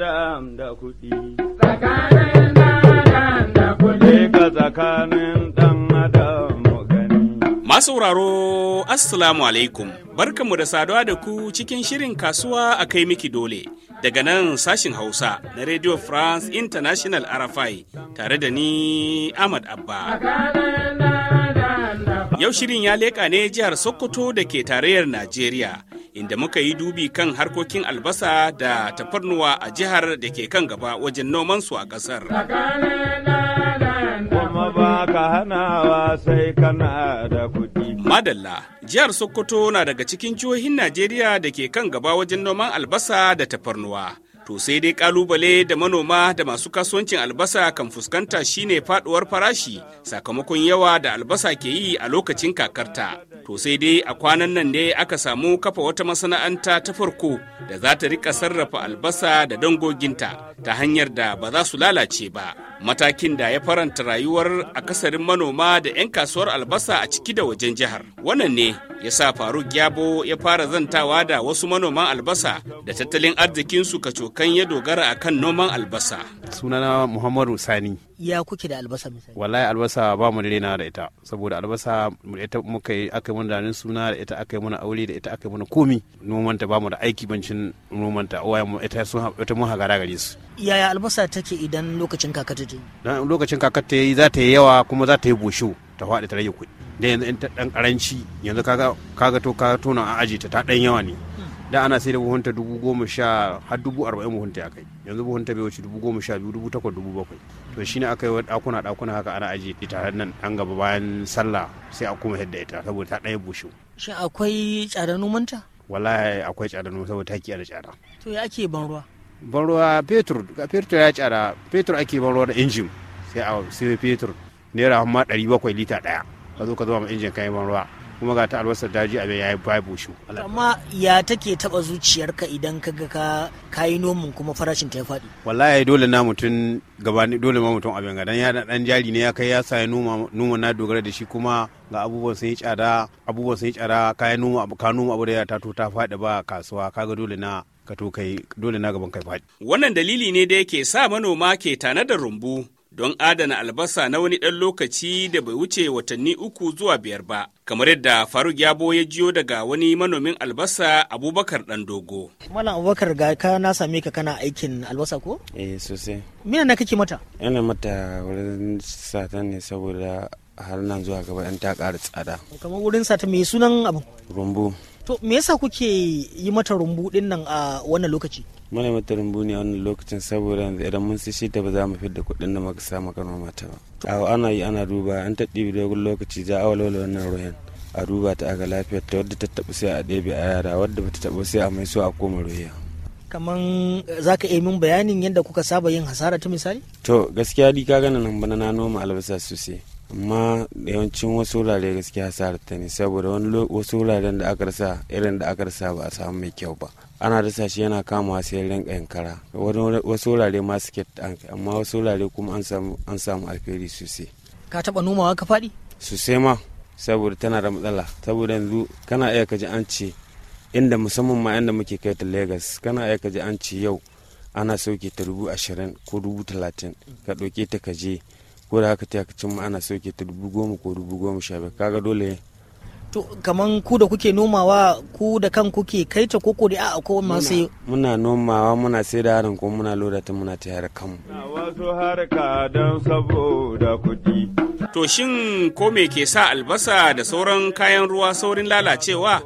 dam da kuɗi. Tsakanin da Masauraro, Assalamu alaikum, barkanmu da saduwa da ku cikin shirin kasuwa a kai miki dole daga nan sashin Hausa na Radio France International RFI tare da ni Ahmad Abba. Yau shirin ya leƙa ne jihar Sokoto da ke tarayyar Najeriya. inda muka yi dubi kan harkokin albasa da tafarnuwa a jihar da ke kan gaba wajen noman su a ƙasar. Madalla, jihar Sokoto na daga cikin jihohin Najeriya da ke kan gaba wajen noman albasa da tafarnuwa. To sai dai kalubale da manoma da masu kasuwancin albasa kan fuskanta shine faduwar farashi sakamakon yawa da albasa ke yi a lokacin kakarta. To sai dai a kwanan nan ne aka samu kafa wata masana'anta ta farko da za ta rika sarrafa albasa da dangoginta ta hanyar da ba za su lalace ba. Matakin da ya faranta rayuwar akasarin manoma da 'yan kasuwar albasa a ciki da wajen jihar. Wannan ne ya sa Faruk Yabo ya fara zantawa da wasu manoman albasa da tattalin arzikinsu kaco abokan ya dogara a kan noman albasa. Sunana Muhammadu Sani. Ya kuke da albasa misali? Wallahi albasa ba mu rena da ita saboda albasa ita muka yi aka yi mana danin suna da ita aka yi mana aure da ita aka yi mana komi noman ta ba mu da aiki bancin noman ta uwaye mu ita sun ita mun hagara gare su. Yaya albasa take idan lokacin kaka ta yi? Dan lokacin kaka ta yi za ta yi yawa kuma za ta yi bushewu ta faɗi ta rage kuɗi. Da yanzu in ta ɗan ƙaranci yanzu kaga kaga to kaga tona a aji ta ta ɗan yawa ne. da ana sai da buhunta dubu goma sha har dubu arba'in buhunta ya kai yanzu buhunta bai wuce dubu goma sha biyu dubu takwas dubu bakwai to shine aka yi dakuna dakuna haka ana aji. ita nan an gaba bayan sallah sai a kuma yadda ita saboda ta ɗaya bushe. shin akwai tsada numanta. wallahi akwai tsada numa saboda taki da tsada. to ya ake ban ruwa. ban ruwa ga fetur ya tsada fetur ake ban ruwa da injin sai a sai fetur naira amma ɗari bakwai lita ɗaya ka zo ka zo ma injin yi ban ruwa. kuma ga ta albasar daji abin ya yi babu shi amma ya take taba zuciyarka idan ka ga ka kayi nomin kuma farashin ta ya faɗi wallahi dole na mutum gabani dole ma mutum abin ga dan ya dan jari ne ya kai ya sayi noma noma na dogara da shi kuma ga abubuwan sun yi tsada abubuwan sun yi tsada kayan noma abu ka noma abu da ya tato ta faɗi ba kasuwa kaga dole na ka to kai dole na gaban kai faɗi wannan dalili ne da yake sa manoma ke tanadar rumbu don adana albasa na wani ɗan lokaci da bai wuce watanni uku zuwa biyar ba kamar yadda faruk yabo ya jiyo daga wani manomin albasa abubakar dan dogo malam abubakar ga ka na same ka kana aikin albasa ko eh sosai mina na kake mata yana mata wurin satan ne saboda har nan zuwa gaba yan ta ƙara tsada kamar wurin sata mai sunan abu rumbu to me yasa kuke yi mata rumbu din nan a wannan lokaci muna mata rumbu ne a wannan lokacin saboda yanzu idan mun sai ta ba za mu fidda kuɗin da muka samu kan mata ba a ana yi ana duba an ta ɗibi dogon lokaci za a walwala wannan ruwan a duba ta aga lafiyar ta wadda ta taɓa sai a ɗebe a yara wadda bata taɓa sai a mai so a koma ruwa kaman za ka min bayanin yadda kuka saba yin hasara ta misali? To gaskiya di ka gana nan bana na noma albasa sosai amma yawancin wasu wurare gaskiya hasarar ta ne saboda wani wasu wuraren da aka rasa irin da aka rasa ba a samu mai kyau ba ana rasa shi yana kama sai rinka yankara wasu wurare ma suke amma wasu wurare kuma an samu alferi sosai ka taba nomawa ka faɗi sosai ma saboda tana da matsala saboda yanzu kana iya kaji an ce inda musamman ma inda muke kai ta lagos kana iya kaji an ce yau ana sauke ta dubu ashirin ko dubu talatin ka ɗauke ta ka je ko da haka ta cin ma ana sauke ta dubu goma ko dubu goma sha biyar kaga dole to kaman ku da kuke nomawa ku da kan kuke kai ta koko da a ko masu muna nomawa muna sai da harin ko muna loda ta muna tayar kanmu wasu harka don saboda kuɗi to shin ko me ke sa albasa da sauran kayan ruwa saurin lalacewa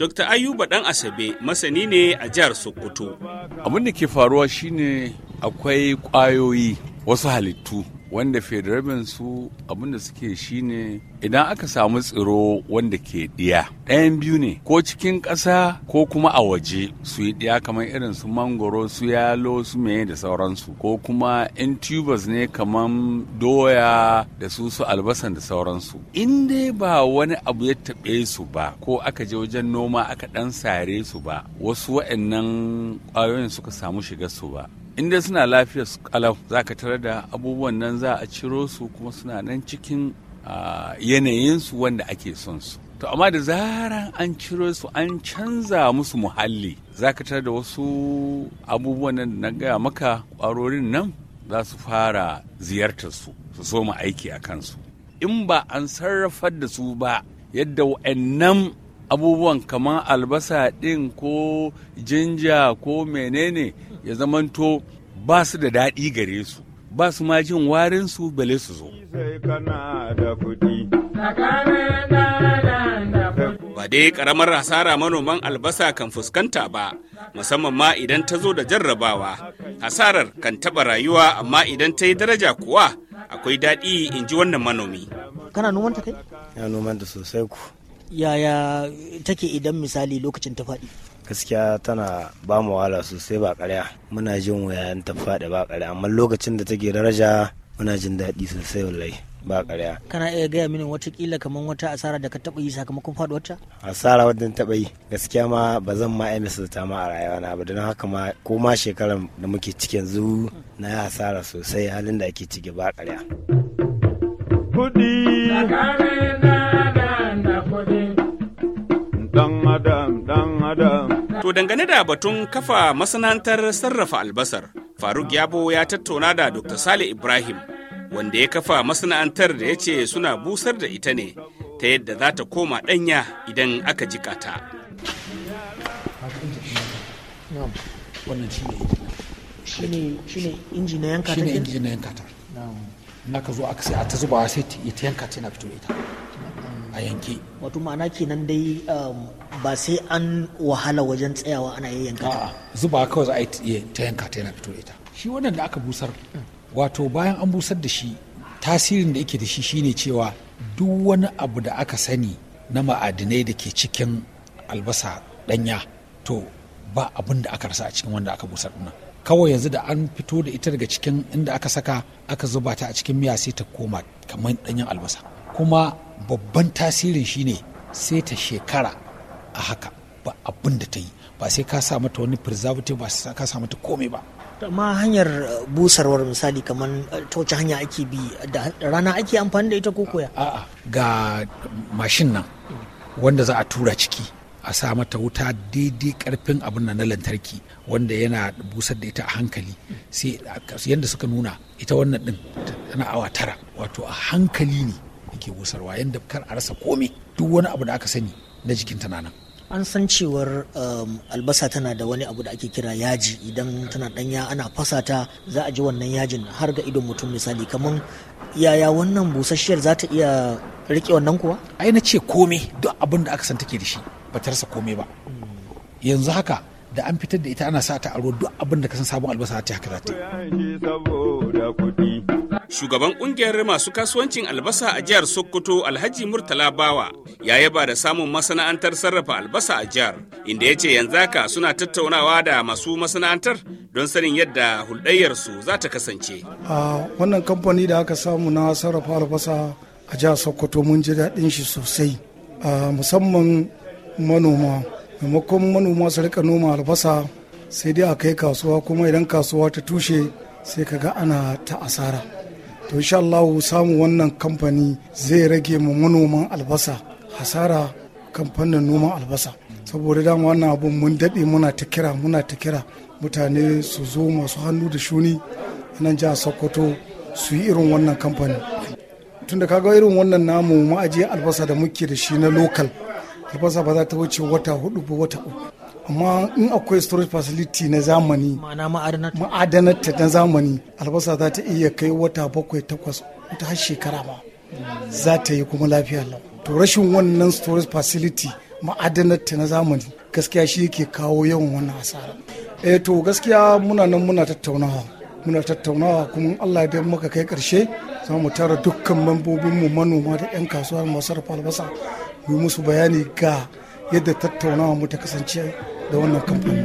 dr ayuba dan asabe masani ne a jihar sokoto abin da ke faruwa shine akwai kwayoyi wasu halittu wanda federal su abinda suke shine idan aka samu tsiro wanda ke ɗiya ɗayan biyu ne ko cikin ƙasa ko kuma a waje su yi ɗiya kamar irin su mangoro su yalo su meye da sauransu ko kuma in tubers ne kamar doya da su su albasan da sauransu in dai ba wani abu ya taɓe su ba ko aka je wajen noma aka ɗan sare su ba wasu waɗannan ƙwayoyin suka samu shiga su ba in dai suna lafiyar kalau za ka tarar da abubuwan nan za a ciro su kuma suna nan cikin yanayinsu wanda ake son su to amma da zaran an ciro su an canza musu muhalli za ka tarar da wasu abubuwan nan da na gaya maka kwarorin nan za su fara ziyartar su su mu aiki a kansu in ba an sarrafar da su ba yadda wa'annan abubuwan kamar albasa ɗin ko jinja ko menene ya zamanto ba su da daɗi gare su ba su ma jin warin su bale su zo. Ba dai ƙaramar hasara manoman albasa kan fuskanta ba, musamman ma idan ta zo da jarrabawa. Hasarar kan taɓa rayuwa amma idan ta yi daraja kuwa akwai daɗi in ji wannan manomi. Kana noman ta kai? Ya noman da sosai ku. Yaya take idan misali lokacin ta faɗi? gaskiya tana ba mu wahala sosai ba karya muna jin wayan ta faɗi ba karya amma lokacin da take daraja muna jin daɗi sosai wallahi ba karya kana iya gaya mini watakila kamar wata asara da ka taɓa yi sakamakon wata asara wadda taɓa yi gaskiya ma ba zan ma iya misalta ma a rayuwa na ba don haka ma ko ma shekaran da muke ciki yanzu na yi asara sosai halin da ake cike ba karya kuɗi dan adam dan adam To dangane da batun kafa masana'antar sarrafa albasar, Faruk Yabo ya tattauna da Dr. Sale Ibrahim, wanda ya kafa masana'antar da ya ce suna busar da ita ne ta yadda za ta koma ɗanya idan aka jika ta. Shi ne injina yanka ta? Shi ne injina yanka ta. Na ka zo aka sai a ta zubawa sai ta yanka ta na fito ita. a yanke wato ma'ana kenan dai um, ba sai an wahala wajen tsayawa ana yi yanka ta zuba kawai za a yi ta yanka ta yana fito da ita shi wannan da aka busar wato bayan an busar da shi tasirin da yake da shi shine cewa duk wani abu da aka sani na ma'adinai da ke cikin albasa danya to ba abin da aka rasa a cikin wanda aka busar dinnan kawai yanzu da an fito da ita daga cikin inda aka saka aka zuba ta a cikin miya sai ta koma kamar ɗanyen albasa kuma babban tasirin shine sai ta shekara a haka ba abin da ta yi ba sai ka sa mata wani preservative ba sai ka sa mata komai ba amma hanyar uh, busarwar misali kamar uh, ta hanya ake bi da rana ake amfani da ita ko koya a'a ga mashin nan wanda za a tura ciki a sa mata wuta daidai karfin abin na lantarki wanda yana busar da ita a hankali sai yadda suka nuna ita wannan din tana awa tara wato a hankali ne ake busarwa yadda kar a rasa komai duk wani abu da aka sani na jikin tana nan an san cewar um, albasa tana da wani abu da ake kira yaji idan tana danya ana fasa ta za a ji wannan yajin har ga idon mutum misali kamar yaya wannan busasshiyar za ta iya rike wannan kuwa ai na ce komai duk abin da aka san take da shi ba ta rasa komai ba yanzu haka da an fitar da ita ana sa ta aro duk abin da ka san sabon albasa ta haka za ta yi shugaban kungiyar masu kasuwancin albasa a jihar sokoto alhaji murtala bawa ya yaba da samun masana'antar sarrafa albasa a jihar inda ya ce yanzu haka suna tattaunawa da masu masana'antar don sanin yadda hulɗayyarsu za ta kasance a wannan kamfani da aka samu na sarrafa albasa a jihar sokoto mun ji daɗin shi sosai musamman manoma maimakon manoma su rika noma albasa sai dai a kai kasuwa kuma idan kasuwa ta tushe sai ka ga ana ta asara to insha Allah samun wannan kamfani zai rage mu manoman albasa hasara kamfanin noman albasa saboda dama wannan abun mun daɗe muna ta kira muna ta kira mutane su zo masu hannu da shuni nan jihar sokoto su yi irin wannan kamfani tunda kaga irin wannan namu ma'aji albasa da muke da shi na lokal albasa ba za ta wuce wata hudu ba wata uku amma in akwai storage facility na zamani ma'adanarta na zamani albasa za ta iya kai wata bakwai takwas ta har shekara ma za ta yi kuma lafiya lau to rashin wannan storage facility ma'adanarta na zamani gaskiya shi yake kawo yawan wannan asara eh to gaskiya muna nan muna tattaunawa muna tattaunawa kuma Allah ya muka kai karshe za mu tara dukkan membobinmu manoma da 'yan kasuwar masu albasa yi musu bayani ga yadda tattaunawa mu ta kasance da wannan kamfani.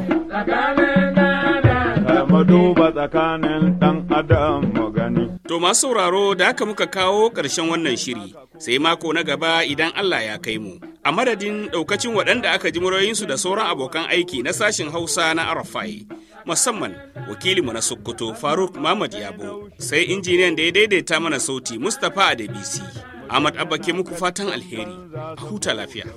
To masu sauraro da aka muka kawo ƙarshen wannan shiri sai mako na gaba idan Allah ya kai mu. A madadin ɗaukacin waɗanda aka ji su da sauran abokan aiki na sashen Hausa na Arafai. Musamman wakilinmu na Sokoto Faruk Mamad Yabo sai injiniyan da ya daidaita mana sauti Mustapha Adebisi. Ahmad Abba ke muku fatan alheri, a huta lafiya.